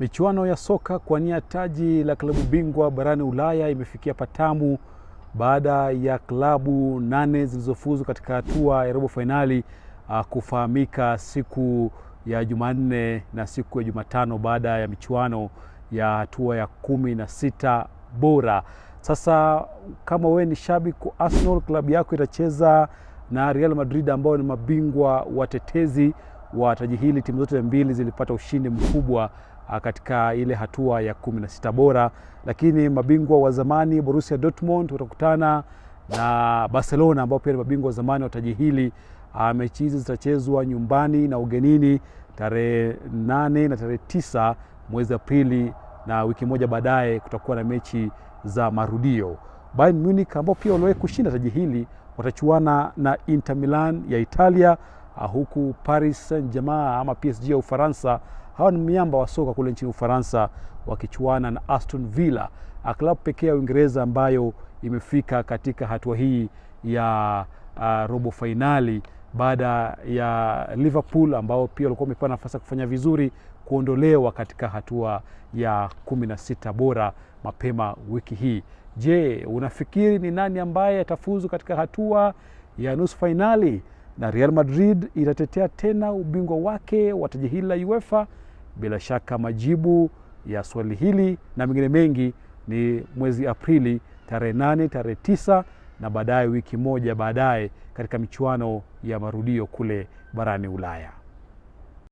Michuano ya soka nia taji la klabu bingwa barani Ulaya imefikia patamu baada ya klabu nane zilizofuzu katika hatua ya robo fainali uh, ah, kufahamika siku ya Jumanne na siku ya Jumatano baada ya michuano ya hatua ya kumi na sita bora. Sasa kama wewe ni shabiki wa Arsenal, klabu yako itacheza na Real Madrid ambao ni mabingwa watetezi wa taji hili timu zote mbili zilipata ushindi mkubwa ah, katika ile hatua ya kumi na sita bora, lakini mabingwa wa zamani Borussia Dortmund watakutana na Barcelona ambao pia ni mabingwa wa zamani wa taji hili. Ah, mechi hizi zitachezwa nyumbani na ugenini tarehe nane na tarehe tisa mwezi Aprili, na wiki moja baadaye kutakuwa na mechi za marudio. Bayern Munich ambao pia waliwahi kushinda taji hili watachuana na Inter Milan ya Italia Ah, huku Paris Saint-Germain ama PSG ya Ufaransa. Hawa ni miamba wa soka kule nchini Ufaransa wakichuana na Aston Villa, ah, klabu pekee ya Uingereza ambayo imefika katika hatua hii ya uh, robo fainali baada ya Liverpool ambao pia walikuwa wamepewa nafasi ya kufanya vizuri kuondolewa katika hatua ya kumi na sita bora mapema wiki hii. Je, unafikiri ni nani ambaye atafuzu katika hatua ya nusu fainali? na Real Madrid itatetea tena ubingwa wake wa taji hili la UEFA. Bila shaka majibu ya swali hili na mengine mengi ni mwezi Aprili tarehe nane, tarehe tisa na baadaye wiki moja baadaye katika michuano ya marudio kule barani Ulaya.